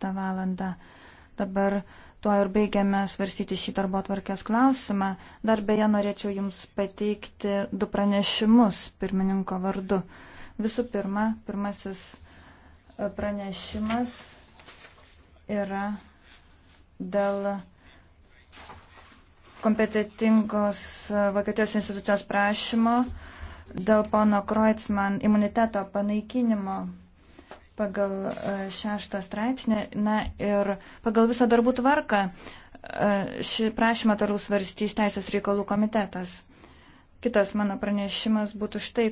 15 valandą. Dabar tuo ir baigiame svarstyti šį darbo tvarkės klausimą. Dar beje norėčiau Jums pateikti du pranešimus pirmininko vardu. Visų pirma, pirmasis e, pranešimas yra dėl kompetitingos e, Vokietijos institucijos prašymo dėl pono Kreutzmann imuniteto panaikinimo pagal e, šeštą straipsnį, na ir pagal visą darbų tvarką e, šį prašymą toliau svarstys Teisės reikalų komitetas. Kitas mano pranešimas būtų štai